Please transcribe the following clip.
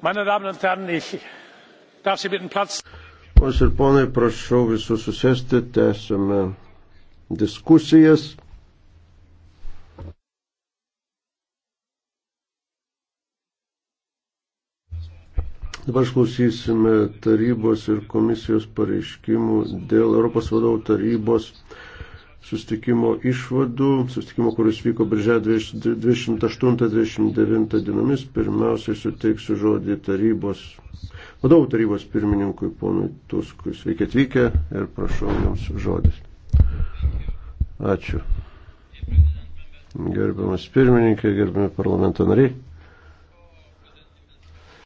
Meine Damen und Herren, ich darf Sie bitten Platz. Pons ir ponai, prašau visus susėsti, tęsime diskusijas. Dabar išklausysime tarybos ir komisijos pareiškimų dėl Europos vadovų tarybos sustikimo išvadų, sustikimo, kuris vyko birželio 28-29 dienomis, pirmiausiai suteiksiu žodį tarybos, vadovų tarybos pirmininkui ponui Tuskui. Sveiki atvykę ir prašau jums žodis. Ačiū. Gerbiamas pirmininkė, gerbiami parlamento nariai.